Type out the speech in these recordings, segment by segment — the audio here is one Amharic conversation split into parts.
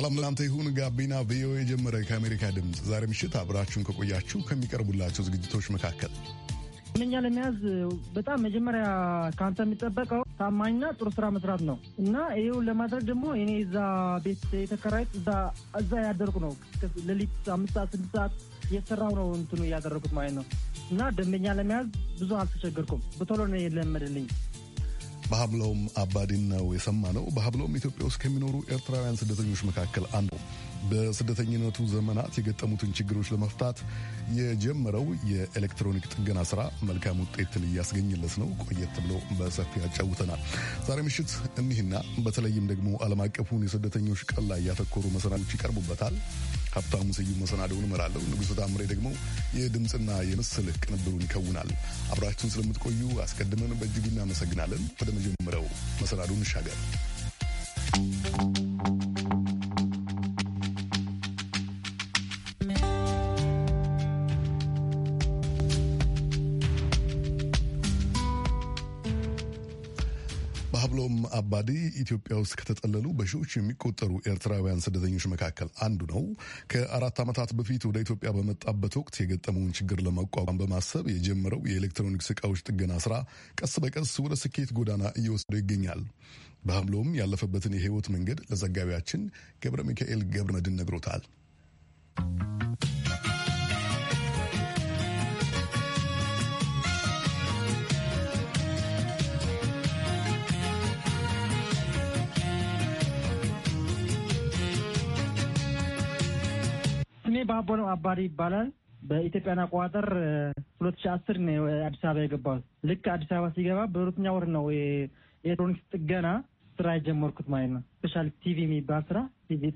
ሰላም ለናንተ ይሁን። ጋቢና ቪኦኤ ጀመረ። ከአሜሪካ ድምፅ ዛሬ ምሽት አብራችሁን ከቆያችሁ ከሚቀርቡላቸው ዝግጅቶች መካከል እኛ ለመያዝ በጣም መጀመሪያ ከአንተ የሚጠበቀው ታማኝና ጥሩ ስራ መስራት ነው እና ይህው ለማድረግ ደግሞ እኔ እዛ ቤት የተከራዩት እዛ ያደርጉ ነው። ሌሊት አምስት ሰዓት ስድስት ሰዓት እየሰራሁ ነው እንትኑ እያደረጉት ማለት ነው እና ደንበኛ ለመያዝ ብዙ አልተቸገርኩም። በቶሎ ነው የለመደልኝ በሀብሎም አባዲን ነው የሰማ ነው። በሀብሎም ኢትዮጵያ ውስጥ ከሚኖሩ ኤርትራውያን ስደተኞች መካከል አንዱ በስደተኝነቱ ዘመናት የገጠሙትን ችግሮች ለመፍታት የጀመረው የኤሌክትሮኒክ ጥገና ስራ መልካም ውጤትን እያስገኝለት ነው። ቆየት ብሎ በሰፊ ያጫውተናል። ዛሬ ምሽት እኒህና በተለይም ደግሞ ዓለም አቀፉን የስደተኞች ቀን ላይ ያተኮሩ መሰናዶች ይቀርቡበታል። ሀብታሙ ስዩም መሰናዶውን እመራለሁ። ንጉሥ ታምሬ ደግሞ የድምፅና የምስል ቅንብሩን ይከውናል። አብራችሁን ስለምትቆዩ አስቀድመን በእጅጉ እናመሰግናለን። ወደ መጀመሪያው መሰናዶ እንሻገር። አባዴ ኢትዮጵያ ውስጥ ከተጠለሉ በሺዎች የሚቆጠሩ ኤርትራውያን ስደተኞች መካከል አንዱ ነው። ከአራት ዓመታት በፊት ወደ ኢትዮጵያ በመጣበት ወቅት የገጠመውን ችግር ለመቋቋም በማሰብ የጀመረው የኤሌክትሮኒክስ እቃዎች ጥገና ስራ ቀስ በቀስ ወደ ስኬት ጎዳና እየወሰዱ ይገኛል። በሐምሎም ያለፈበትን የህይወት መንገድ ለዘጋቢያችን ገብረ ሚካኤል ገብረ መድን ነግሮታል። ነው አባሪ ይባላል። በኢትዮጵያን አቆጣጠር ሁለት ሺ አስር ነው አዲስ አበባ የገባሁት። ልክ አዲስ አበባ ሲገባ በሁለተኛ ወር ነው የኤሌክትሮኒክስ ጥገና ስራ የጀመርኩት ማለት ነው። ስፔሻል ቲቪ የሚባል ስራ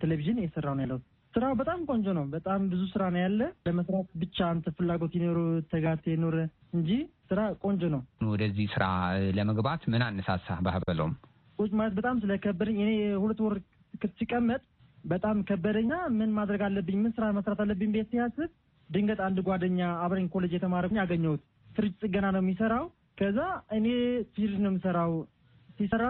ቴሌቪዥን የሰራው ነው ያለው። ስራው በጣም ቆንጆ ነው። በጣም ብዙ ስራ ነው ያለ። ለመስራት ብቻ አንተ ፍላጎት ይኖር ተጋት ይኖር እንጂ ስራ ቆንጆ ነው። ወደዚህ ስራ ለመግባት ምን አነሳሳ? ባህበለውም ቁጭ ማለት በጣም ስለከበደኝ እኔ ሁለት ወር ሲቀመጥ በጣም ከበደኛ። ምን ማድረግ አለብኝ? ምን ስራ መስራት አለብኝ? ቤት ሲያስብ ድንገት አንድ ጓደኛ አብረኝ ኮሌጅ የተማረ ያገኘውት ፍሪጅ ጥገና ነው የሚሰራው። ከዛ እኔ ፊልድ ነው የምሰራው። ሲሰራ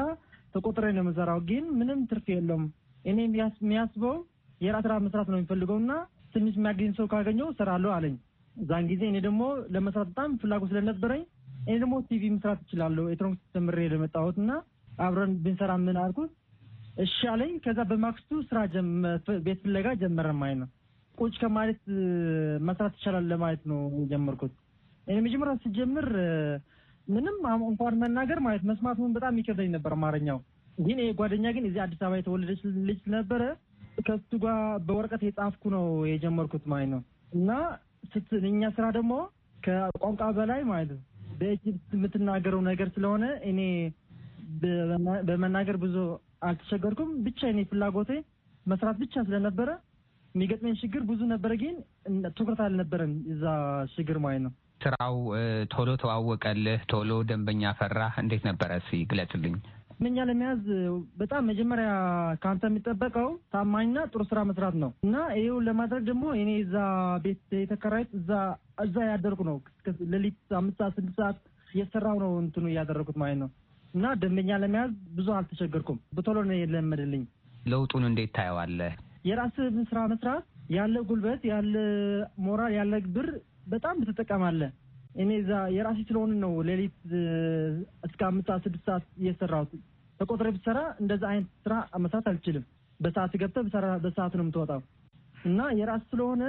ተቆጥረ ነው የምሰራው፣ ግን ምንም ትርፍ የለውም። እኔ የሚያስበው የራስ ስራ መስራት ነው የሚፈልገው እና ትንሽ የሚያገኝ ሰው ካገኘው እሰራለሁ አለኝ። እዛን ጊዜ እኔ ደግሞ ለመስራት በጣም ፍላጎት ስለነበረኝ እኔ ደግሞ ቲቪ መስራት እችላለሁ ኤሌክትሮኒክስ ተምሬ ለመጣሁት እና አብረን ብንሰራ ምን አልኩት እሺ አለኝ። ከዛ በማክስቱ ስራ ቤት ፍለጋ ጀመረ ማለት ነው። ቁጭ ከማለት መስራት ይቻላል ለማለት ነው የጀመርኩት። እኔ መጀመሪያ ስጀምር ምንም እንኳን መናገር ማለት መስማቱን በጣም ይከብደኝ ነበር አማርኛው። ግን ጓደኛ ግን እዚህ አዲስ አበባ የተወለደች ልጅ ነበረ። ከሱ ጋር በወረቀት የጻፍኩ ነው የጀመርኩት ማለት ነው። እና እኛ ስራ ደግሞ ከቋንቋ በላይ ማለት ነው በእጅ የምትናገረው ነገር ስለሆነ እኔ በመናገር ብዙ አልተቸገርኩም። ብቻ እኔ ፍላጎቴ መስራት ብቻ ስለነበረ የሚገጥመኝ ችግር ብዙ ነበረ፣ ግን ትኩረት አልነበረም እዛ ችግር ማለት ነው። ስራው ቶሎ ተዋወቀልህ፣ ቶሎ ደንበኛ ፈራ። እንዴት ነበረ? እስኪ ግለጽልኝ። ምኛ ለመያዝ በጣም መጀመሪያ ከአንተ የሚጠበቀው ታማኝና ጥሩ ስራ መስራት ነው እና ይህው ለማድረግ ደግሞ እኔ እዛ ቤት የተከራዩት እዛ እዛ ያደርኩ ነው። ሌሊት አምስት ሰዓት ስድስት ሰዓት እየሰራው ነው እንትኑ እያደረጉት ማለት ነው እና ደንበኛ ለመያዝ ብዙ አልተቸገርኩም። በቶሎ ነው የለመድልኝ። ለውጡን እንዴት ታየዋለህ? የራስህን ስራ መስራት ያለ ጉልበት ያለ ሞራል ያለ ብር በጣም ትጠቀማለህ። እኔ እዛ የራሴ ስለሆነ ነው ሌሊት እስከ አምስት ሰዓት ስድስት ሰዓት እየሰራሁት ተቆጥረ ብትሰራ እንደዛ አይነት ስራ መስራት አልችልም። በሰዓት ገብተህ በሰዓት ነው የምትወጣው እና የራስ ስለሆነ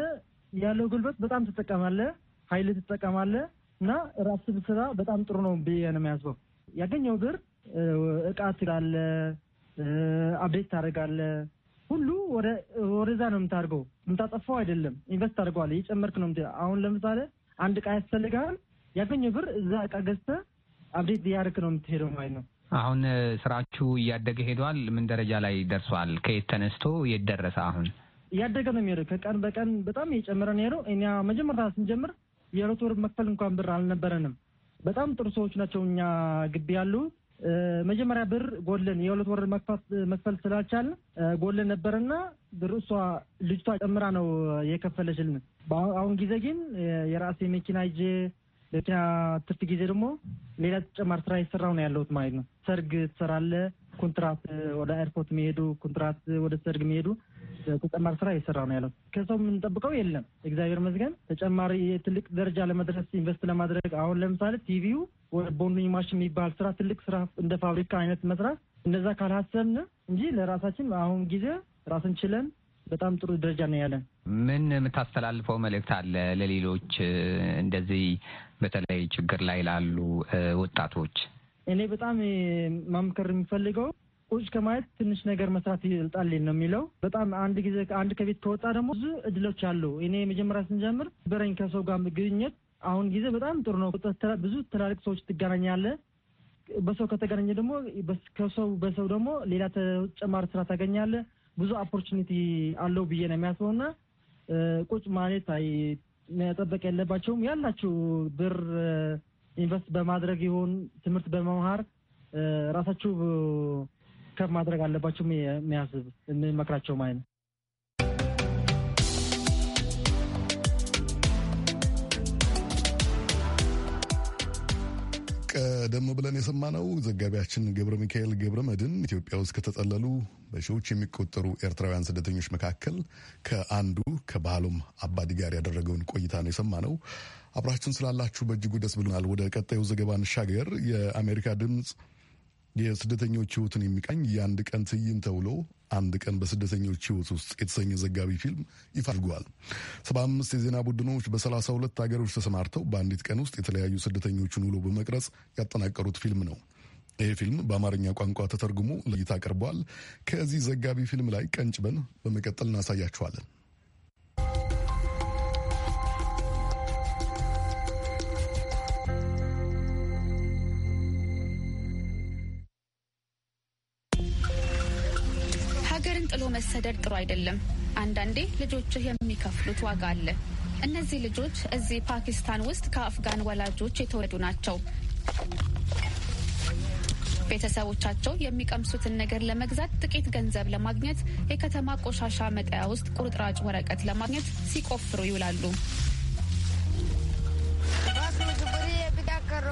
ያለው ጉልበት በጣም ትጠቀማለህ፣ ኃይል ትጠቀማለህ እና ራስ ስራ በጣም ጥሩ ነው ብዬ ነው የሚያስበው። ያገኘው ብር እቃ ትላለ፣ አብዴት ታደርጋለ፣ ሁሉ ወደዛ ነው የምታደርገው። የምታጠፋው አይደለም፣ ኢንቨስት ታደርገዋለ፣ እየጨመርክ ነው። አሁን ለምሳሌ አንድ እቃ ያስፈልጋል፣ ያገኘው ብር እዛ እቃ ገዝተ አብዴት እያደረክ ነው የምትሄደው ማለት ነው። አሁን ስራችሁ እያደገ ሄዷል። ምን ደረጃ ላይ ደርሷል? ከየት ተነስቶ የት ደረሰ? አሁን እያደገ ነው የሚሄደው። ከቀን በቀን በጣም እየጨመረ ነው የሄደው። እኛ መጀመሪያ ስንጀምር የሁለት ወር መክፈል እንኳን ብር አልነበረንም። በጣም ጥሩ ሰዎች ናቸው እኛ ግቢ ያሉ። መጀመሪያ ብር ጎለን የሁለት ወር መክፋት መክፈል ስላልቻል ጎለን ነበርና ብር እሷ ልጅቷ ጨምራ ነው የከፈለችልን። በአሁን ጊዜ ግን የራሴ መኪና ይዤ የመኪና ትርፍ ጊዜ ደግሞ ሌላ ተጨማሪ ስራ የሰራው ነው ያለሁት ማለት ነው። ሰርግ ትሰራለ፣ ኮንትራት ወደ ኤርፖርት የሚሄዱ ኮንትራት ወደ ሰርግ የሚሄዱ ተጨማሪ ስራ የሰራ ነው ያለው። ከሰው የምንጠብቀው የለም እግዚአብሔር መዝገን ተጨማሪ ትልቅ ደረጃ ለመድረስ ኢንቨስት ለማድረግ አሁን ለምሳሌ ቲቪው ቦንዱኝ ማሽን የሚባል ስራ ትልቅ ስራ እንደ ፋብሪካ አይነት መስራት እነዛ ካልሀሰብን እንጂ ለራሳችን አሁን ጊዜ ራስን ችለን በጣም ጥሩ ደረጃ ነው ያለን። ምን የምታስተላልፈው መልእክት አለ ለሌሎች እንደዚህ በተለይ ችግር ላይ ላሉ ወጣቶች? እኔ በጣም ማምከር የምፈልገው ቁጭ ከማየት ትንሽ ነገር መስራት ይልጣል ነው የሚለው። በጣም አንድ ጊዜ አንድ ከቤት ከወጣ ደግሞ ብዙ እድሎች አሉ። እኔ መጀመሪያ ስንጀምር በረኝ ከሰው ጋር ግንኙነት አሁን ጊዜ በጣም ጥሩ ነው። ብዙ ትላልቅ ሰዎች ትገናኛለህ። በሰው ከተገናኘ ደግሞ ከሰው በሰው ደግሞ ሌላ ተጨማሪ ስራ ታገኛለህ። ብዙ ኦፖርቹኒቲ አለው ብዬ ነው የሚያስበው እና ቁጭ ማለት አይ መጠበቅ ያለባቸውም ያላችሁ ብር ኢንቨስት በማድረግ ይሁን ትምህርት በመማር ራሳችሁ ከፍ ማድረግ አለባቸው የሚያስብ የምመክራቸው ማለት ነው። ቀደም ብለን የሰማነው ዘጋቢያችን ገብረ ሚካኤል ገብረ መድን ኢትዮጵያ ውስጥ ከተጠለሉ በሺዎች የሚቆጠሩ ኤርትራውያን ስደተኞች መካከል ከአንዱ ከባህሎም አባዲ ጋር ያደረገውን ቆይታ ነው የሰማነው። አብራችሁን ስላላችሁ በእጅጉ ደስ ብሎናል። ወደ ቀጣዩ ዘገባ እንሻገር። የአሜሪካ ድምፅ የስደተኞች ሕይወትን የሚቃኝ የአንድ ቀን ትዕይንት ተብሎ አንድ ቀን በስደተኞች ህይወት ውስጥ የተሰኘ ዘጋቢ ፊልም ይፋ አድርገዋል። ሰባ አምስት የዜና ቡድኖች በሰላሳ ሁለት ሀገሮች ተሰማርተው በአንዲት ቀን ውስጥ የተለያዩ ስደተኞችን ውሎ በመቅረጽ ያጠናቀሩት ፊልም ነው። ይህ ፊልም በአማርኛ ቋንቋ ተተርጉሞ ለእይታ ቀርቧል። ከዚህ ዘጋቢ ፊልም ላይ ቀንጭበን በመቀጠል እናሳያችኋለን። መሰደድ ጥሩ አይደለም። አንዳንዴ ልጆችህ የሚከፍሉት ዋጋ አለ። እነዚህ ልጆች እዚህ ፓኪስታን ውስጥ ከአፍጋን ወላጆች የተወለዱ ናቸው። ቤተሰቦቻቸው የሚቀምሱትን ነገር ለመግዛት ጥቂት ገንዘብ ለማግኘት የከተማ ቆሻሻ መጣያ ውስጥ ቁርጥራጭ ወረቀት ለማግኘት ሲቆፍሩ ይውላሉ።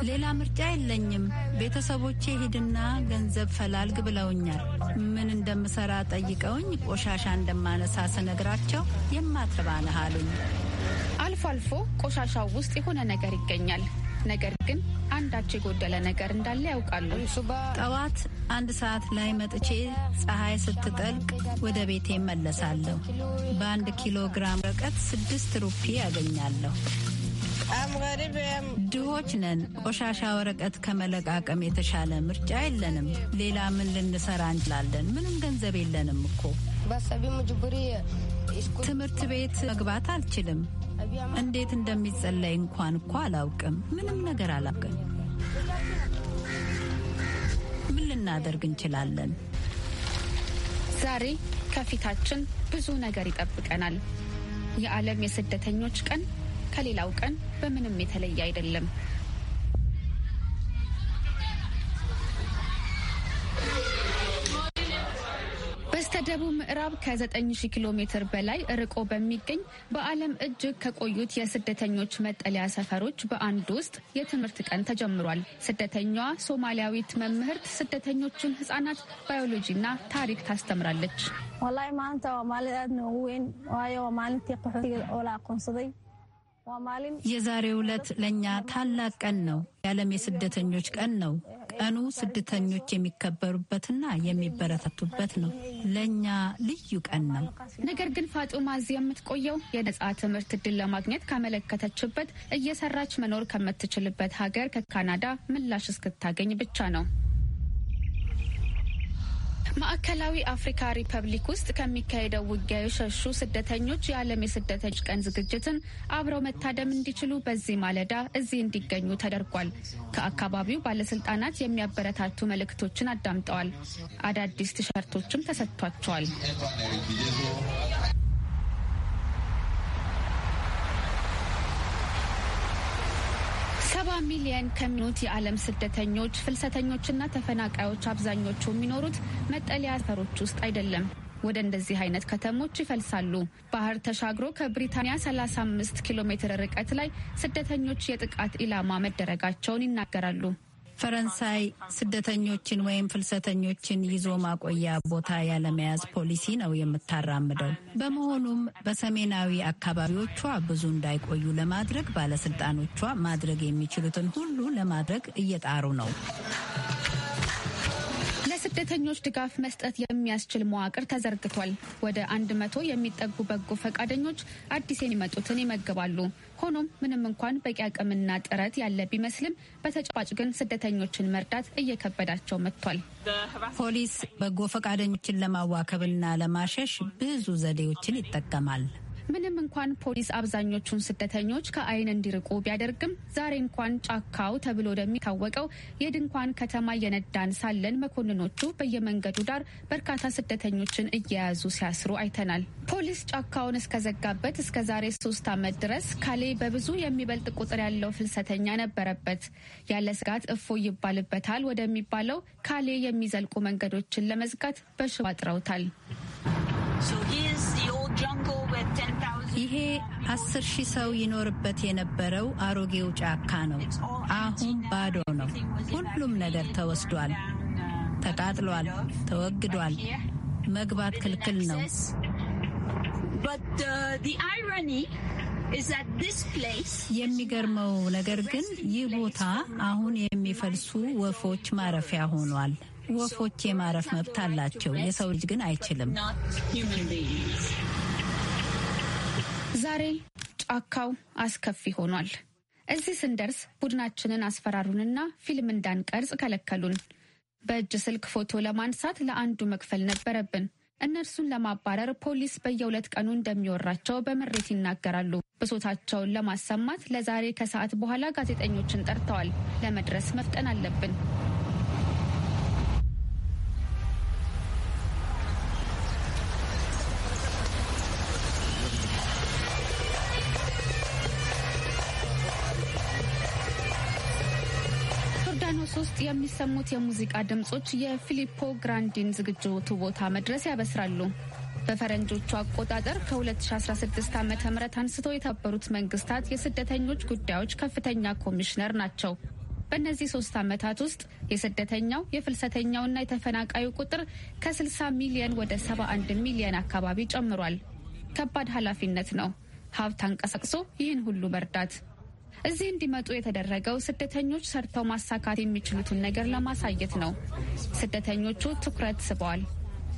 ሌላ ምርጫ የለኝም። ቤተሰቦቼ ሂድና ገንዘብ ፈላልግ ብለውኛል። ምን እንደምሰራ ጠይቀውኝ ቆሻሻ እንደማነሳ ስነግራቸው የማትረባነህ አሉኝ። አልፎ አልፎ ቆሻሻው ውስጥ የሆነ ነገር ይገኛል። ነገር ግን አንዳች የጎደለ ነገር እንዳለ ያውቃሉ። ጠዋት አንድ ሰዓት ላይ መጥቼ ፀሐይ ስትጠልቅ ወደ ቤቴ መለሳለሁ። በአንድ ኪሎ ግራም ርቀት ስድስት ሩፒ ያገኛለሁ። ድሆች ነን። ቆሻሻ ወረቀት ከመለቃቀም የተሻለ ምርጫ የለንም። ሌላ ምን ልንሰራ እንችላለን? ምንም ገንዘብ የለንም እኮ። ትምህርት ቤት መግባት አልችልም። እንዴት እንደሚጸለይ እንኳን እኮ አላውቅም። ምንም ነገር አላውቅም። ምን ልናደርግ እንችላለን? ዛሬ ከፊታችን ብዙ ነገር ይጠብቀናል። የዓለም የስደተኞች ቀን ከሌላው ቀን በምንም የተለየ አይደለም። በስተደቡብ ምዕራብ ከ9000 ኪሎ ሜትር በላይ ርቆ በሚገኝ በዓለም እጅግ ከቆዩት የስደተኞች መጠለያ ሰፈሮች በአንድ ውስጥ የትምህርት ቀን ተጀምሯል። ስደተኛዋ ሶማሊያዊት መምህርት ስደተኞቹን ሕጻናት ባዮሎጂና ታሪክ ታስተምራለች። የዛሬ ዕለት ለእኛ ታላቅ ቀን ነው። የዓለም የስደተኞች ቀን ነው። ቀኑ ስደተኞች የሚከበሩበትና የሚበረታቱበት ነው። ለእኛ ልዩ ቀን ነው። ነገር ግን ፋጡማ እዚህ የምትቆየው የነጻ ትምህርት እድል ለማግኘት ካመለከተችበት እየሰራች መኖር ከምትችልበት ሀገር ከካናዳ ምላሽ እስክታገኝ ብቻ ነው። ማዕከላዊ አፍሪካ ሪፐብሊክ ውስጥ ከሚካሄደው ውጊያ የሸሹ ስደተኞች የዓለም የስደተኞች ቀን ዝግጅትን አብረው መታደም እንዲችሉ በዚህ ማለዳ እዚህ እንዲገኙ ተደርጓል። ከአካባቢው ባለስልጣናት የሚያበረታቱ መልእክቶችን አዳምጠዋል። አዳዲስ ቲሸርቶችም ተሰጥቷቸዋል። ሚሊየን ከሚሆኑት የዓለም ስደተኞች ፍልሰተኞችና ተፈናቃዮች አብዛኞቹ የሚኖሩት መጠለያ ሰፈሮች ውስጥ አይደለም። ወደ እንደዚህ አይነት ከተሞች ይፈልሳሉ። ባህር ተሻግሮ ከብሪታንያ 35 ኪሎ ሜትር ርቀት ላይ ስደተኞች የጥቃት ኢላማ መደረጋቸውን ይናገራሉ። ፈረንሳይ ስደተኞችን ወይም ፍልሰተኞችን ይዞ ማቆያ ቦታ ያለመያዝ ፖሊሲ ነው የምታራምደው። በመሆኑም በሰሜናዊ አካባቢዎቿ ብዙ እንዳይቆዩ ለማድረግ ባለስልጣኖቿ ማድረግ የሚችሉትን ሁሉ ለማድረግ እየጣሩ ነው። ለስደተኞች ድጋፍ መስጠት የሚያስችል መዋቅር ተዘርግቷል። ወደ አንድ መቶ የሚጠጉ በጎ ፈቃደኞች አዲስ የሚመጡትን ይመግባሉ። ሆኖም ምንም እንኳን በቂ አቅምና ጥረት ያለ ቢመስልም በተጨባጭ ግን ስደተኞችን መርዳት እየከበዳቸው መጥቷል። ፖሊስ በጎ ፈቃደኞችን ለማዋከብና ለማሸሽ ብዙ ዘዴዎችን ይጠቀማል። ምንም እንኳን ፖሊስ አብዛኞቹን ስደተኞች ከአይን እንዲርቁ ቢያደርግም ዛሬ እንኳን ጫካው ተብሎ ወደሚታወቀው የድንኳን ከተማ እየነዳን ሳለን መኮንኖቹ በየመንገዱ ዳር በርካታ ስደተኞችን እየያዙ ሲያስሩ አይተናል። ፖሊስ ጫካውን እስከዘጋበት እስከ ዛሬ ሶስት ዓመት ድረስ ካሌ በብዙ የሚበልጥ ቁጥር ያለው ፍልሰተኛ ነበረበት። ያለ ስጋት እፎ ይባልበታል ወደሚባለው ካሌ የሚዘልቁ መንገዶችን ለመዝጋት በሽቦ አጥረውታል። ይሄ አስር ሺህ ሰው ይኖርበት የነበረው አሮጌው ጫካ ነው። አሁን ባዶ ነው። ሁሉም ነገር ተወስዷል፣ ተቃጥሏል፣ ተወግዷል። መግባት ክልክል ነው። uh, የሚገርመው ነገር ግን ይህ ቦታ አሁን የሚፈልሱ ወፎች ማረፊያ ሆኗል። ወፎች የማረፍ መብት አላቸው። የሰው ልጅ ግን አይችልም። ዛሬ ጫካው አስከፊ ሆኗል። እዚህ ስንደርስ ቡድናችንን አስፈራሩንና ፊልም እንዳንቀርጽ ከለከሉን። በእጅ ስልክ ፎቶ ለማንሳት ለአንዱ መክፈል ነበረብን። እነርሱን ለማባረር ፖሊስ በየሁለት ቀኑ እንደሚወራቸው በምሬት ይናገራሉ። ብሶታቸውን ለማሰማት ለዛሬ ከሰዓት በኋላ ጋዜጠኞችን ጠርተዋል። ለመድረስ መፍጠን አለብን። የሚሰሙት የሙዚቃ ድምጾች የፊሊፖ ግራንዲን ዝግጅቱ ቦታ መድረስ ያበስራሉ። በፈረንጆቹ አቆጣጠር ከ2016 ዓ ም አንስቶ የተባበሩት መንግስታት የስደተኞች ጉዳዮች ከፍተኛ ኮሚሽነር ናቸው። በእነዚህ ሶስት ዓመታት ውስጥ የስደተኛው የፍልሰተኛውና የተፈናቃዩ ቁጥር ከ60 ሚሊየን ወደ 71 ሚሊየን አካባቢ ጨምሯል። ከባድ ኃላፊነት ነው ሀብት አንቀሳቅሶ ይህን ሁሉ መርዳት። እዚህ እንዲመጡ የተደረገው ስደተኞች ሰርተው ማሳካት የሚችሉትን ነገር ለማሳየት ነው። ስደተኞቹ ትኩረት ስበዋል።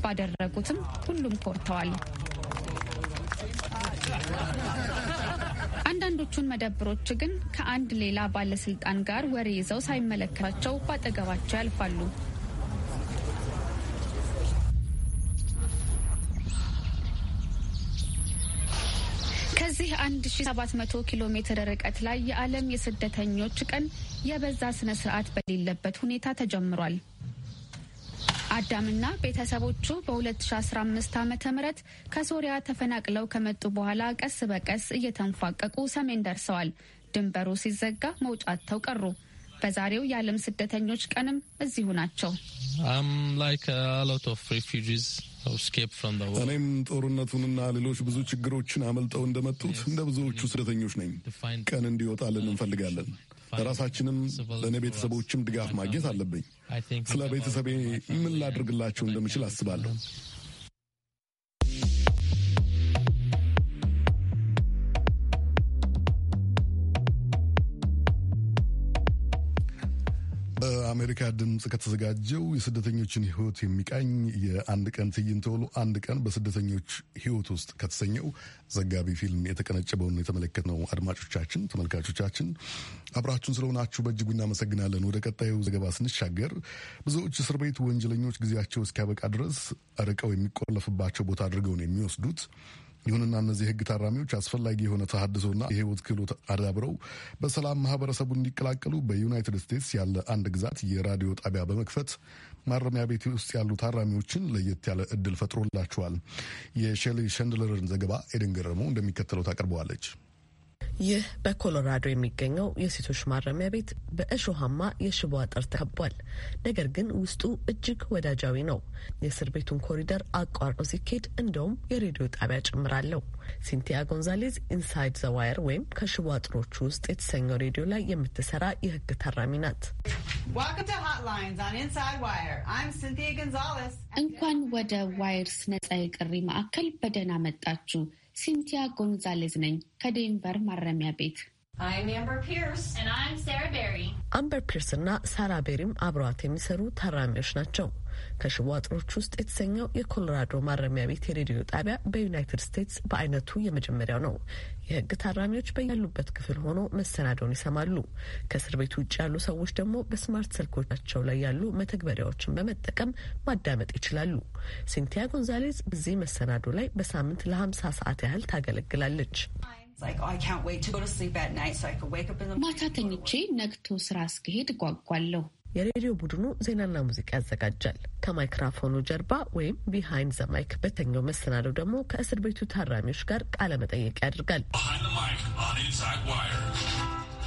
ባደረጉትም ሁሉም ኮርተዋል። አንዳንዶቹን መደብሮች ግን ከአንድ ሌላ ባለስልጣን ጋር ወሬ ይዘው ሳይመለከታቸው ባጠገባቸው ያልፋሉ። በዚህ 1700 ኪሎ ሜትር ርቀት ላይ የዓለም የስደተኞች ቀን የበዛ ስነ ስርዓት በሌለበት ሁኔታ ተጀምሯል። አዳምና ቤተሰቦቹ በ2015 ዓ ም ከሶሪያ ተፈናቅለው ከመጡ በኋላ ቀስ በቀስ እየተንፏቀቁ ሰሜን ደርሰዋል። ድንበሩ ሲዘጋ መውጫተው ቀሩ። በዛሬው የዓለም ስደተኞች ቀንም እዚሁ ናቸው። እኔም ጦርነቱንና ሌሎች ብዙ ችግሮችን አመልጠው እንደመጡት እንደ ብዙዎቹ mm-hmm. ስደተኞች ነኝ። ቀን እንዲወጣልን እንፈልጋለን። ለራሳችንም ለእኔ ቤተሰቦችም ድጋፍ ማግኘት አለብኝ። ስለ ቤተሰቤ ምን ላድርግላቸው እንደምችል አስባለሁ። ከአሜሪካ ድምፅ ከተዘጋጀው የስደተኞችን ሕይወት የሚቃኝ የአንድ ቀን ትዕይንት ውሎ አንድ ቀን በስደተኞች ሕይወት ውስጥ ከተሰኘው ዘጋቢ ፊልም የተቀነጨበውን የተመለከትነው አድማጮቻችን፣ ተመልካቾቻችን አብራችሁን ስለሆናችሁ በእጅጉ እናመሰግናለን። ወደ ቀጣዩ ዘገባ ስንሻገር ብዙዎች እስር ቤት ወንጀለኞች ጊዜያቸው እስኪያበቃ ድረስ ርቀው የሚቆለፍባቸው ቦታ አድርገው ነው የሚወስዱት። ይሁንና እነዚህ የህግ ታራሚዎች አስፈላጊ የሆነ ተሀድሶና የህይወት ክህሎት አዳብረው በሰላም ማህበረሰቡ እንዲቀላቀሉ በዩናይትድ ስቴትስ ያለ አንድ ግዛት የራዲዮ ጣቢያ በመክፈት ማረሚያ ቤት ውስጥ ያሉ ታራሚዎችን ለየት ያለ እድል ፈጥሮላቸዋል። የሼሊ ሸንድለርን ዘገባ ኤደን ገረመው እንደሚከተለው ታቀርበዋለች። ይህ በኮሎራዶ የሚገኘው የሴቶች ማረሚያ ቤት በእሾሃማ የሽቦ አጥር ተከቧል። ነገር ግን ውስጡ እጅግ ወዳጃዊ ነው። የእስር ቤቱን ኮሪደር አቋርጦ ሲኬድ እንደውም የሬዲዮ ጣቢያ ጭምር አለው። ሲንቲያ ጎንዛሌዝ ኢንሳይድ ዘዋየር ወይም ከሽቦ አጥሮቹ ውስጥ የተሰኘው ሬዲዮ ላይ የምትሰራ የህግ ታራሚ ናት። እንኳን ወደ ዋይርስ ነጻ የቅሪ ማዕከል በደህና መጣችሁ። ሲንቲያ ጎንዛሌዝ ነኝ ከዴንቨር ማረሚያ ቤት። አምበር ፒርስ እና ሳራ ቤሪም አብረዋት የሚሰሩ ታራሚዎች ናቸው። ከሽቦ አጥሮች ውስጥ የተሰኘው የኮሎራዶ ማረሚያ ቤት የሬዲዮ ጣቢያ በዩናይትድ ስቴትስ በአይነቱ የመጀመሪያው ነው። የህግ ታራሚዎች በያሉበት ክፍል ሆኖ መሰናዶውን ይሰማሉ። ከእስር ቤት ውጭ ያሉ ሰዎች ደግሞ በስማርት ስልኮቻቸው ላይ ያሉ መተግበሪያዎችን በመጠቀም ማዳመጥ ይችላሉ። ሲንቲያ ጎንዛሌዝ በዚህ መሰናዶ ላይ በሳምንት ለሀምሳ ሰዓት ያህል ታገለግላለች። ማታ ተኝቼ ነግቶ ስራ እስክሄድ እጓጓለሁ። የሬዲዮ ቡድኑ ዜናና ሙዚቃ ያዘጋጃል። ከማይክራፎኑ ጀርባ ወይም ቢሃይንድ ዘ ማይክ በተኛው መሰናደው ደግሞ ከእስር ቤቱ ታራሚዎች ጋር ቃለ መጠየቅ ያደርጋል።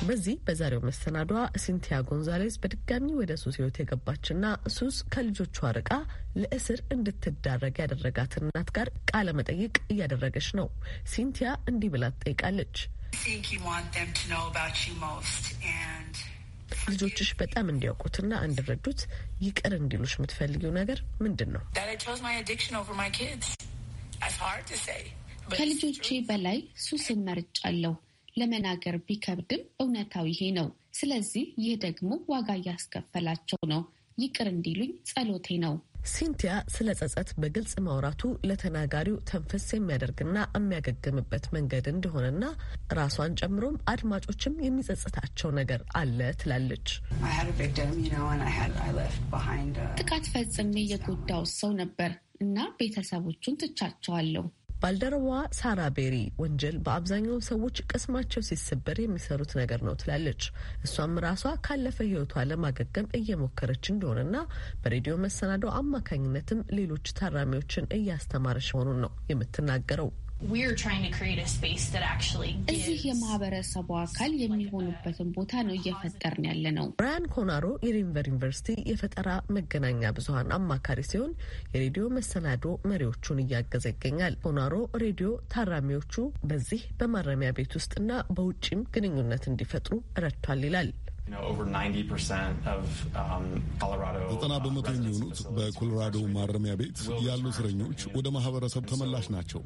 በዚህ በዛሬው መሰናዷ ሲንቲያ ጎንዛሌስ በድጋሚ ወደ ሱስ ህይወት የገባችና ሱስ ከልጆቿ ርቃ ለእስር እንድትዳረግ ያደረጋት እናት ጋር ቃለ መጠይቅ እያደረገች ነው። ሲንቲያ እንዲህ ብላ ትጠይቃለች። ልጆችሽ በጣም እንዲያውቁትና እንዲረዱት ይቅር እንዲሉሽ የምትፈልጊው ነገር ምንድን ነው? ከልጆቼ በላይ ሱስን መርጫለሁ። ለመናገር ቢከብድም እውነታው ይሄ ነው። ስለዚህ ይህ ደግሞ ዋጋ እያስከፈላቸው ነው። ይቅር እንዲሉኝ ጸሎቴ ነው። ሲንቲያ ስለ ጸጸት በግልጽ ማውራቱ ለተናጋሪው ተንፈስ የሚያደርግና የሚያገግምበት መንገድ እንደሆነና ራሷን ጨምሮም አድማጮችም የሚጸጽታቸው ነገር አለ ትላለች። ጥቃት ፈጽሜ የጎዳው ሰው ነበር እና ቤተሰቦቹን ትቻቸዋለሁ። ባልደረባዋ ሳራ ቤሪ ወንጀል በአብዛኛው ሰዎች ቅስማቸው ሲሰበር የሚሰሩት ነገር ነው ትላለች። እሷም ራሷ ካለፈ ህይወቷ ለማገገም እየሞከረች እንደሆነና በሬዲዮ መሰናዶ አማካኝነትም ሌሎች ታራሚዎችን እያስተማረች መሆኑን ነው የምትናገረው። እዚህ የማህበረሰቡ አካል የሚሆኑበትን ቦታ ነው እየፈጠርን ያለ ነው። ብራያን ኮናሮ የዴንቨር ዩኒቨርሲቲ የፈጠራ መገናኛ ብዙሀን አማካሪ ሲሆን የሬዲዮ መሰናዶ መሪዎቹን እያገዘ ይገኛል። ኮናሮ ሬዲዮ ታራሚዎቹ በዚህ በማረሚያ ቤት ውስጥና በውጭም ግንኙነት እንዲፈጥሩ ረድቷል ይላል። Um, uh, ዘጠና በመቶ የሚሆኑት በኮሎራዶ ማረሚያ ቤት ያሉ እስረኞች ወደ ማህበረሰብ ተመላሽ ናቸው።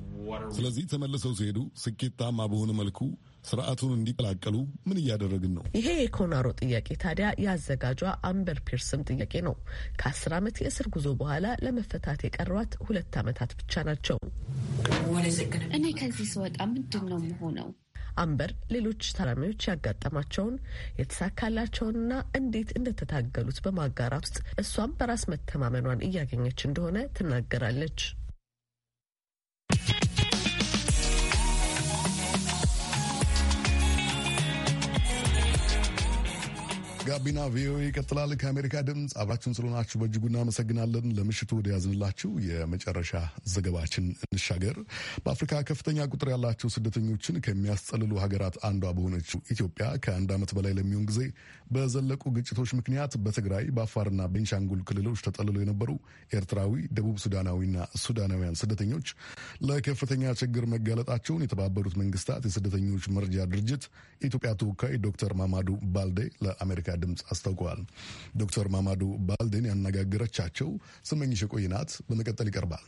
ስለዚህ ተመልሰው ሲሄዱ ስኬታማ በሆነ መልኩ ስርዓቱን እንዲቀላቀሉ ምን እያደረግን ነው? ይሄ የኮናሮ ጥያቄ ታዲያ የአዘጋጇ አምበር ፒርስም ጥያቄ ነው። ከአስር ዓመት የእስር ጉዞ በኋላ ለመፈታት የቀሯት ሁለት ዓመታት ብቻ ናቸው። እኔ ከዚህ ስወጣ ምንድን ነው የምሆነው? አምበር ሌሎች ታራሚዎች ያጋጠማቸውን የተሳካላቸውንና እንዴት እንደተታገሉት በማጋራት ውስጥ እሷም በራስ መተማመኗን እያገኘች እንደሆነ ትናገራለች። ጋቢና ቪኦኤ ይቀጥላል። ከአሜሪካ ድምፅ አብራችን ስለሆናችሁ በእጅጉ እናመሰግናለን። ለምሽቱ ወደ ያዝንላችሁ የመጨረሻ ዘገባችን እንሻገር። በአፍሪካ ከፍተኛ ቁጥር ያላቸው ስደተኞችን ከሚያስጠልሉ ሀገራት አንዷ በሆነችው ኢትዮጵያ ከአንድ ዓመት በላይ ለሚሆን ጊዜ በዘለቁ ግጭቶች ምክንያት በትግራይ በአፋርና ቤንሻንጉል ክልሎች ተጠልለው የነበሩ ኤርትራዊ፣ ደቡብ ሱዳናዊና ሱዳናውያን ስደተኞች ለከፍተኛ ችግር መጋለጣቸውን የተባበሩት መንግስታት የስደተኞች መርጃ ድርጅት የኢትዮጵያ ተወካይ ዶክተር ማማዱ ባልዴ ለአሜሪካ ድምፅ አስታውቀዋል። ዶክተር ማማዱ ባልዴን ያነጋገረቻቸው ስመኝሽ ቆይናት በመቀጠል ይቀርባል።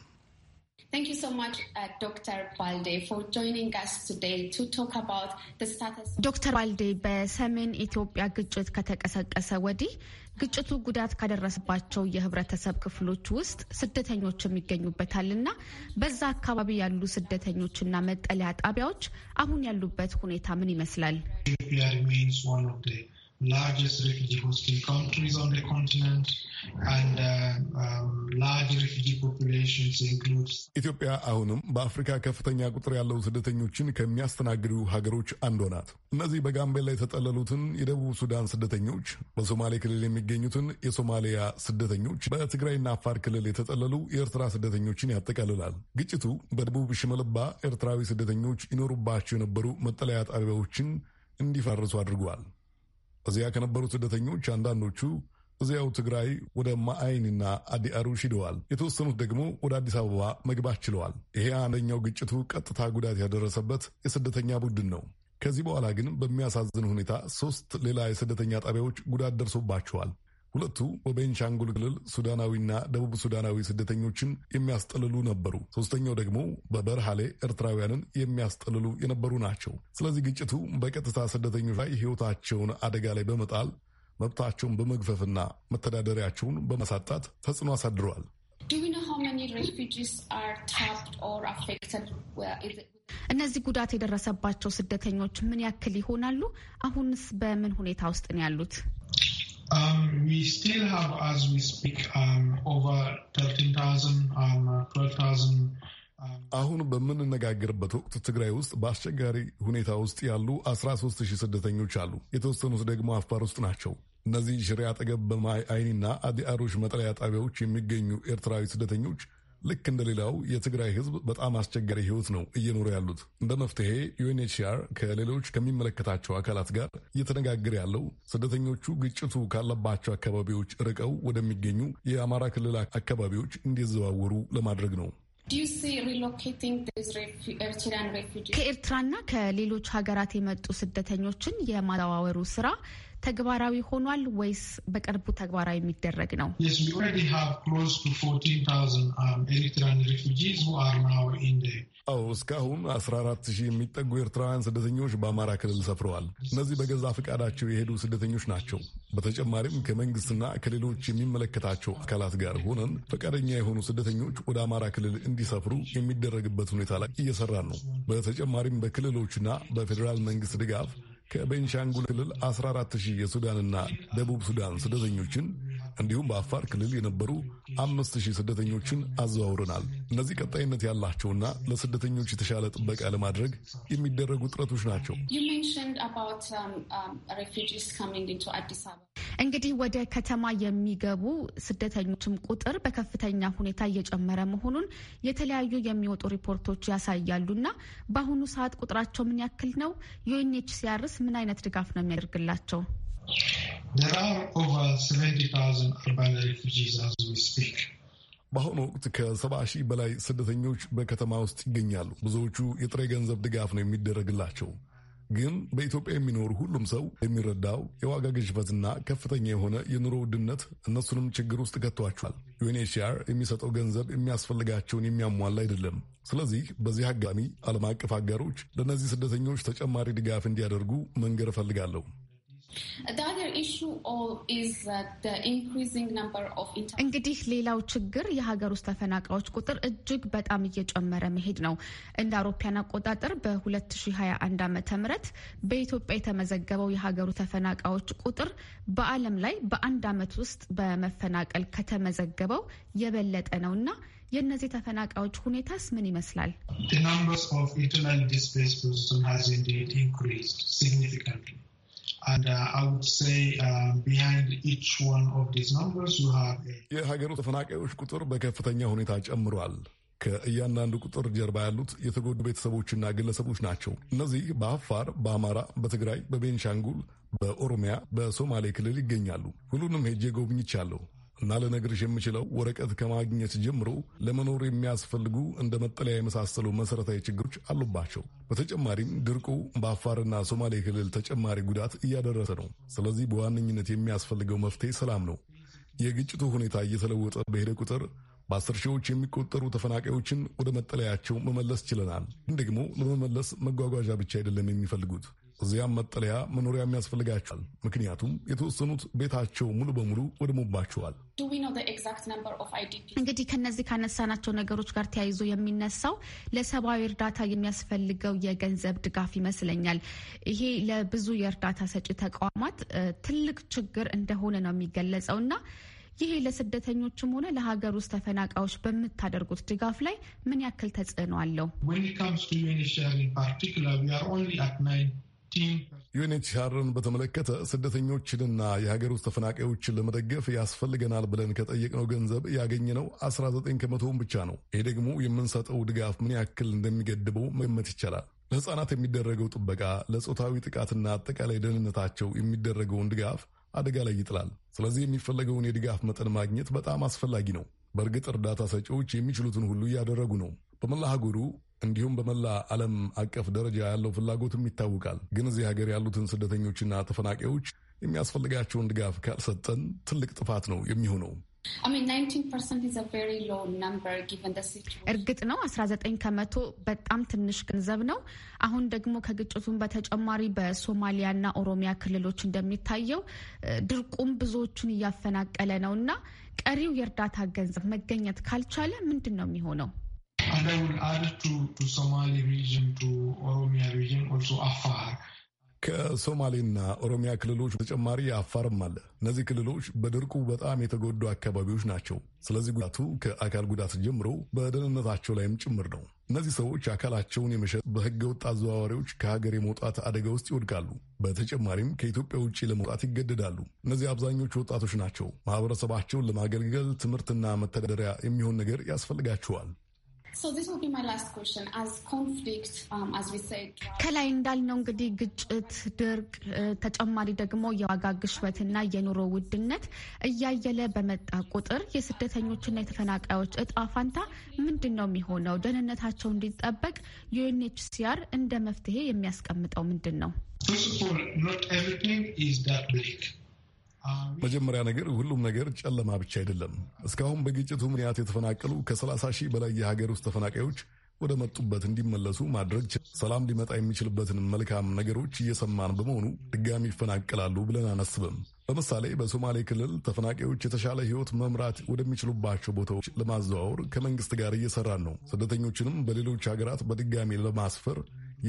ዶክተር ባልዴ uh, በሰሜን ኢትዮጵያ ግጭት ከተቀሰቀሰ ወዲህ ግጭቱ ጉዳት ካደረሰባቸው የህብረተሰብ ክፍሎች ውስጥ ስደተኞችም እና በዛ አካባቢ ያሉ ስደተኞችና መጠለያ ጣቢያዎች አሁን ያሉበት ሁኔታ ምን ይመስላል? largest refugee hosting countries on the continent and uh, um, large refugee populations includes ኢትዮጵያ አሁንም በአፍሪካ ከፍተኛ ቁጥር ያለው ስደተኞችን ከሚያስተናግዱ ሀገሮች አንዷ ናት። እነዚህ በጋምቤላ የተጠለሉትን የደቡብ ሱዳን ስደተኞች፣ በሶማሌ ክልል የሚገኙትን የሶማሊያ ስደተኞች፣ በትግራይና አፋር ክልል የተጠለሉ የኤርትራ ስደተኞችን ያጠቃልላል። ግጭቱ በደቡብ ሽመልባ ኤርትራዊ ስደተኞች ይኖሩባቸው የነበሩ መጠለያ ጣቢያዎችን እንዲፈርሱ አድርጓል። እዚያ ከነበሩ ስደተኞች አንዳንዶቹ እዚያው ትግራይ ወደ ማአይንና አዲ አሩሽ ሂደዋል። የተወሰኑት ደግሞ ወደ አዲስ አበባ መግባት ችለዋል። ይሄ አንደኛው ግጭቱ ቀጥታ ጉዳት ያደረሰበት የስደተኛ ቡድን ነው። ከዚህ በኋላ ግን በሚያሳዝን ሁኔታ ሶስት ሌላ የስደተኛ ጣቢያዎች ጉዳት ደርሶባቸዋል። ሁለቱ በቤንሻንጉል ክልል ሱዳናዊና ደቡብ ሱዳናዊ ስደተኞችን የሚያስጠልሉ ነበሩ። ሶስተኛው ደግሞ በበርሃሌ ኤርትራውያንን የሚያስጠልሉ የነበሩ ናቸው። ስለዚህ ግጭቱ በቀጥታ ስደተኞች ላይ ሕይወታቸውን አደጋ ላይ በመጣል መብታቸውን በመግፈፍና መተዳደሪያቸውን በማሳጣት ተጽዕኖ አሳድረዋል። እነዚህ ጉዳት የደረሰባቸው ስደተኞች ምን ያክል ይሆናሉ? አሁንስ በምን ሁኔታ ውስጥ ነው ያሉት? Um, we still have, as we speak, um, over 13,000, um, 12,000 uh, um, አሁን በምንነጋገርበት ወቅት ትግራይ ውስጥ በአስቸጋሪ ሁኔታ ውስጥ ያሉ 13 ሺህ ስደተኞች አሉ። የተወሰኑት ደግሞ አፋር ውስጥ ናቸው። እነዚህ ሽሬ አጠገብ በማይ አይኒና አዲ አሮሽ መጠለያ ጣቢያዎች የሚገኙ ኤርትራዊ ስደተኞች ልክ እንደሌላው የትግራይ ህዝብ በጣም አስቸጋሪ ህይወት ነው እየኖሩ ያሉት። እንደ መፍትሄ ዩኤንኤችሲአር ከሌሎች ከሚመለከታቸው አካላት ጋር እየተነጋገረ ያለው ስደተኞቹ ግጭቱ ካለባቸው አካባቢዎች ርቀው ወደሚገኙ የአማራ ክልል አካባቢዎች እንዲዘዋወሩ ለማድረግ ነው። ከኤርትራና ከሌሎች ሀገራት የመጡ ስደተኞችን የማዘዋወሩ ስራ ተግባራዊ ሆኗል ወይስ በቅርቡ ተግባራዊ የሚደረግ ነው? Um, አዎ እስካሁን 14 ሺህ የሚጠጉ ኤርትራውያን ስደተኞች በአማራ ክልል ሰፍረዋል። እነዚህ በገዛ ፈቃዳቸው የሄዱ ስደተኞች ናቸው። በተጨማሪም ከመንግስትና ከሌሎች የሚመለከታቸው አካላት ጋር ሆነን ፈቃደኛ የሆኑ ስደተኞች ወደ አማራ ክልል እንዲሰፍሩ የሚደረግበት ሁኔታ ላይ እየሰራን ነው። በተጨማሪም በክልሎችና በፌዴራል መንግስት ድጋፍ ከቤንሻንጉል ክልል 14000 የሱዳንና ደቡብ ሱዳን ስደተኞችን እንዲሁም በአፋር ክልል የነበሩ አምስት ሺህ ስደተኞችን አዘዋውረናል። እነዚህ ቀጣይነት ያላቸውና ለስደተኞች የተሻለ ጥበቃ ለማድረግ የሚደረጉ ጥረቶች ናቸው። um, um, እንግዲህ ወደ ከተማ የሚገቡ ስደተኞችም ቁጥር በከፍተኛ ሁኔታ እየጨመረ መሆኑን የተለያዩ የሚወጡ ሪፖርቶች ያሳያሉና በአሁኑ ሰዓት ቁጥራቸው ምን ያክል ነው? ዩኤንኤችሲአርስ ምን አይነት ድጋፍ ነው የሚያደርግላቸው? በአሁኑ ወቅት ከሰባ ሺህ በላይ ስደተኞች በከተማ ውስጥ ይገኛሉ። ብዙዎቹ የጥሬ ገንዘብ ድጋፍ ነው የሚደረግላቸው። ግን በኢትዮጵያ የሚኖሩ ሁሉም ሰው የሚረዳው የዋጋ ግሽበትና ከፍተኛ የሆነ የኑሮ ውድነት እነሱንም ችግር ውስጥ ከቷቸዋል። ዩኤንኤችሲአር የሚሰጠው ገንዘብ የሚያስፈልጋቸውን የሚያሟላ አይደለም። ስለዚህ በዚህ አጋጣሚ ዓለም አቀፍ አጋሮች ለእነዚህ ስደተኞች ተጨማሪ ድጋፍ እንዲያደርጉ መንገር እፈልጋለሁ። እንግዲህ ሌላው ችግር የሀገር ውስጥ ተፈናቃዮች ቁጥር እጅግ በጣም እየጨመረ መሄድ ነው። እንደ አውሮፓያን አቆጣጠር በ2021 ዓ.ም በኢትዮጵያ የተመዘገበው የሀገሩ ተፈናቃዮች ቁጥር በዓለም ላይ በአንድ ዓመት ውስጥ በመፈናቀል ከተመዘገበው የበለጠ ነው እና የእነዚህ ተፈናቃዮች ሁኔታስ ምን ይመስላል? The numbers of internally displaced persons has indeed increased significantly. Uh, uh, የሀገሩ ተፈናቃዮች ቁጥር በከፍተኛ ሁኔታ ጨምሯል። ከእያንዳንዱ ቁጥር ጀርባ ያሉት የተጎዱ ቤተሰቦችና ግለሰቦች ናቸው። እነዚህ በአፋር፣ በአማራ፣ በትግራይ፣ በቤንሻንጉል፣ በኦሮሚያ፣ በሶማሌ ክልል ይገኛሉ። ሁሉንም ሄጄ ጎብኝቻለሁ። እና ልነግርሽ የምችለው ወረቀት ከማግኘት ጀምሮ ለመኖር የሚያስፈልጉ እንደ መጠለያ የመሳሰሉ መሠረታዊ ችግሮች አሉባቸው። በተጨማሪም ድርቁ በአፋርና ሶማሌ ክልል ተጨማሪ ጉዳት እያደረሰ ነው። ስለዚህ በዋነኝነት የሚያስፈልገው መፍትሄ ሰላም ነው። የግጭቱ ሁኔታ እየተለወጠ በሄደ ቁጥር በአስር ሺዎች የሚቆጠሩ ተፈናቃዮችን ወደ መጠለያቸው መመለስ ችለናል። ግን ደግሞ ለመመለስ መጓጓዣ ብቻ አይደለም የሚፈልጉት እዚያም መጠለያ መኖሪያም ያስፈልጋቸዋል። ምክንያቱም የተወሰኑት ቤታቸው ሙሉ በሙሉ ወድሞባቸዋል። እንግዲህ ከነዚህ ካነሳናቸው ነገሮች ጋር ተያይዞ የሚነሳው ለሰብአዊ እርዳታ የሚያስፈልገው የገንዘብ ድጋፍ ይመስለኛል። ይሄ ለብዙ የእርዳታ ሰጪ ተቋማት ትልቅ ችግር እንደሆነ ነው የሚገለጸው እና ይሄ ለስደተኞችም ሆነ ለሀገር ውስጥ ተፈናቃዮች በምታደርጉት ድጋፍ ላይ ምን ያክል ተጽዕኖ አለው? ዩኤንኤችሲአርን በተመለከተ ስደተኞችንና የሀገር ውስጥ ተፈናቃዮችን ለመደገፍ ያስፈልገናል ብለን ከጠየቅነው ገንዘብ ያገኘነው 19 ከመቶውን ብቻ ነው። ይሄ ደግሞ የምንሰጠው ድጋፍ ምን ያክል እንደሚገድበው መገመት ይቻላል። ለሕፃናት የሚደረገው ጥበቃ፣ ለጾታዊ ጥቃትና አጠቃላይ ደህንነታቸው የሚደረገውን ድጋፍ አደጋ ላይ ይጥላል። ስለዚህ የሚፈለገውን የድጋፍ መጠን ማግኘት በጣም አስፈላጊ ነው። በእርግጥ እርዳታ ሰጪዎች የሚችሉትን ሁሉ እያደረጉ ነው። በመላ እንዲሁም በመላ ዓለም አቀፍ ደረጃ ያለው ፍላጎትም ይታወቃል። ግን እዚህ ሀገር ያሉትን ስደተኞችና ተፈናቃዮች የሚያስፈልጋቸውን ድጋፍ ካልሰጠን ትልቅ ጥፋት ነው የሚሆነው። እርግጥ ነው 19 ከመቶ በጣም ትንሽ ገንዘብ ነው። አሁን ደግሞ ከግጭቱን በተጨማሪ በሶማሊያና ኦሮሚያ ክልሎች እንደሚታየው ድርቁም ብዙዎቹን እያፈናቀለ ነው እና ቀሪው የእርዳታ ገንዘብ መገኘት ካልቻለ ምንድን ነው የሚሆነው? And I will add to, to Somali region, to Oromia region, also Afar. ከሶማሌና ኦሮሚያ ክልሎች በተጨማሪ አፋርም አለ። እነዚህ ክልሎች በድርቁ በጣም የተጎዱ አካባቢዎች ናቸው። ስለዚህ ጉዳቱ ከአካል ጉዳት ጀምሮ በደህንነታቸው ላይም ጭምር ነው። እነዚህ ሰዎች አካላቸውን የመሸጥ በህገ ወጥ አዘዋዋሪዎች ከሀገር የመውጣት አደጋ ውስጥ ይወድቃሉ። በተጨማሪም ከኢትዮጵያ ውጭ ለመውጣት ይገደዳሉ። እነዚህ አብዛኞቹ ወጣቶች ናቸው። ማህበረሰባቸውን ለማገልገል ትምህርትና መተዳደሪያ የሚሆን ነገር ያስፈልጋቸዋል። Um, ከላይ እንዳልነው እንግዲህ ግጭት፣ ድርቅ፣ ተጨማሪ ደግሞ የዋጋ ግሽበትና የኑሮ ውድነት እያየለ በመጣ ቁጥር የስደተኞችና የተፈናቃዮች እጣ ፋንታ ምንድን ነው የሚሆነው? ደህንነታቸው እንዲጠበቅ ዩኤንኤችሲአር እንደ መፍትሄ የሚያስቀምጠው ምንድን ነው? መጀመሪያ ነገር ሁሉም ነገር ጨለማ ብቻ አይደለም። እስካሁን በግጭቱ ምክንያት የተፈናቀሉ ከ30 ሺህ በላይ የሀገር ውስጥ ተፈናቃዮች ወደ መጡበት እንዲመለሱ ማድረግ ሰላም ሊመጣ የሚችልበትን መልካም ነገሮች እየሰማን በመሆኑ ድጋሚ ይፈናቀላሉ ብለን አናስብም። ለምሳሌ በሶማሌ ክልል ተፈናቃዮች የተሻለ ሕይወት መምራት ወደሚችሉባቸው ቦታዎች ለማዘዋወር ከመንግስት ጋር እየሰራን ነው። ስደተኞችንም በሌሎች ሀገራት በድጋሚ ለማስፈር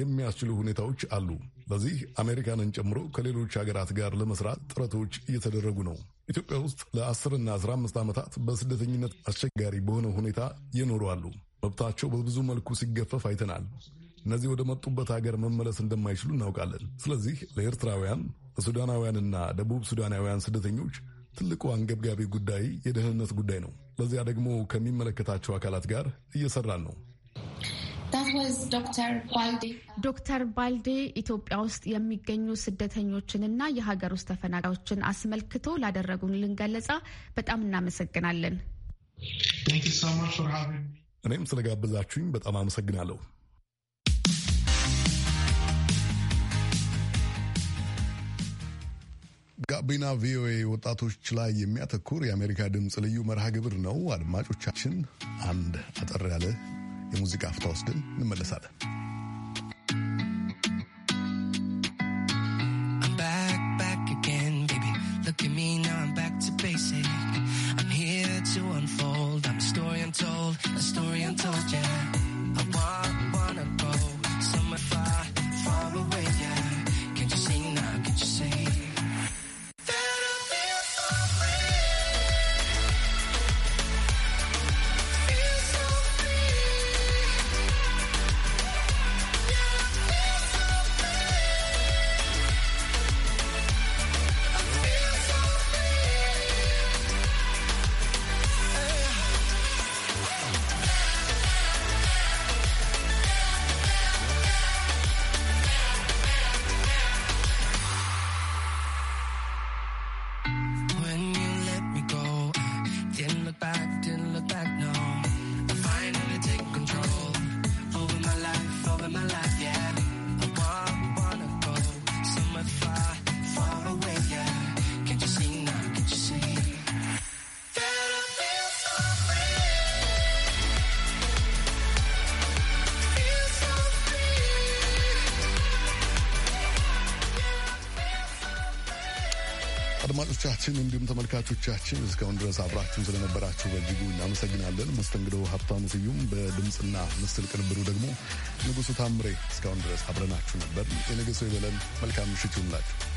የሚያስችሉ ሁኔታዎች አሉ። በዚህ አሜሪካንን ጨምሮ ከሌሎች ሀገራት ጋር ለመስራት ጥረቶች እየተደረጉ ነው። ኢትዮጵያ ውስጥ ለአስርና አስራ አምስት ዓመታት በስደተኝነት አስቸጋሪ በሆነ ሁኔታ የኖሩ አሉ። መብታቸው በብዙ መልኩ ሲገፈፍ አይተናል። እነዚህ ወደ መጡበት ሀገር መመለስ እንደማይችሉ እናውቃለን። ስለዚህ ለኤርትራውያን፣ ለሱዳናውያንና ደቡብ ሱዳናውያን ስደተኞች ትልቁ አንገብጋቢ ጉዳይ የደህንነት ጉዳይ ነው። ለዚያ ደግሞ ከሚመለከታቸው አካላት ጋር እየሰራን ነው። ዶክተር ባልዴ ኢትዮጵያ ውስጥ የሚገኙ ስደተኞችንና የሀገር ውስጥ ተፈናቃዮችን አስመልክቶ ላደረጉን ልንገለጻ በጣም እናመሰግናለን። እኔም ስለጋበዛችሁኝ በጣም አመሰግናለሁ። ጋቢና ቪኦኤ ወጣቶች ላይ የሚያተኩር የአሜሪካ ድምፅ ልዩ መርሃ ግብር ነው። አድማጮቻችን አንድ አጠር ያለ የሙዚቃ አፍታ ወስደን እንመለሳለን። አድማጮቻችን እንዲሁም ተመልካቾቻችን እስካሁን ድረስ አብራችሁን ስለነበራችሁ በእጅጉ እናመሰግናለን። መስተንግዶ ሀብታሙ ስዩም፣ በድምፅና ምስል ቅንብሩ ደግሞ ንጉሱ ታምሬ። እስካሁን ድረስ አብረናችሁ ነበር። የነገ ሰው ይበለን። መልካም ምሽት ይሁንላችሁ።